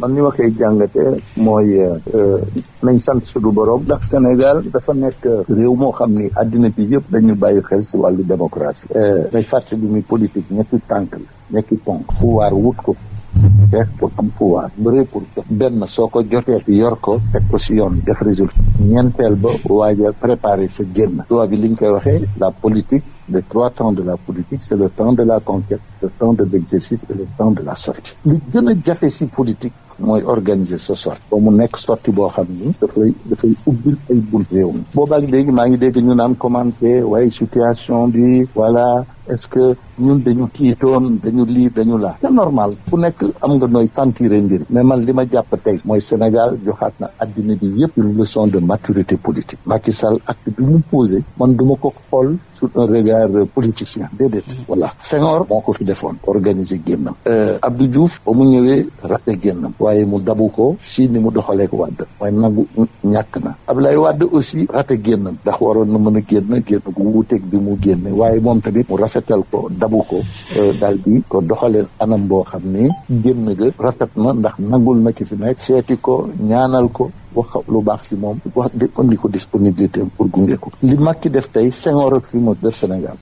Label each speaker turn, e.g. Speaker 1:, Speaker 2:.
Speaker 1: man ni waxee koy jàngatee mooy nañ sant suñu boroog ndax Sénégal dafa nekk réew moo xam ni àddina bi yëpp dañu bàyyi xel si wàllu démocratie may fàttali ni politique ñetti tànk la ñetti ponk pouvoir wut ko xeex pour am pouvoir bëree pour jot benn soo ko jotee yor ko teg ko si yoon def résultat ñeenteel ba waaj a préparer sa génn tubaab bi li ñu koy waxee la politique les trois temps de la politique c'est le temps de la conquête le temps de l'exercice et le temps de la sortie li gën jafe si politique mooy organiser sa sortie ba mu nekk sorti boo xam ni dafay dafay ubbil ay bunt réew mi boobaak léegi maa ngi dégg ñu naan commenté waaye situation bi wala est-ce que ñun dañu tiitoon dañu lii dañu laa c'est normal ku nekk am nga nooy sentiré mbir mais man li ma jàpp tey mooy Sénégal joxaat na addina bi yëpp une leçon de maturité politique Macky Sall acte bi mu posé man duma ko xool sous un regard politicien déedéet voilà Senghor moo ko fi defoon organiser génnam euh, Abdou Diouf ba mu ñëwee rafe génnam waaye mu dabu ko si ni mu doxaleek Wade waaye nangu ñàkk na ab Abdoulaye Wade aussi rate génn ndax waroon na mën a génn génn gu wuuteeg bi mu génne waaye moom tamit mu rafetal ko dabu ko euh, daal bi ko doxaleen anam boo xam ni génn ga rafet na ndax nangul na ki fi nekk seeti ko ñaanal ko wax lu baax si moom wax di indi ko disponibilité pour gunge ko li Macky def tey Senghor ak fi Sénégal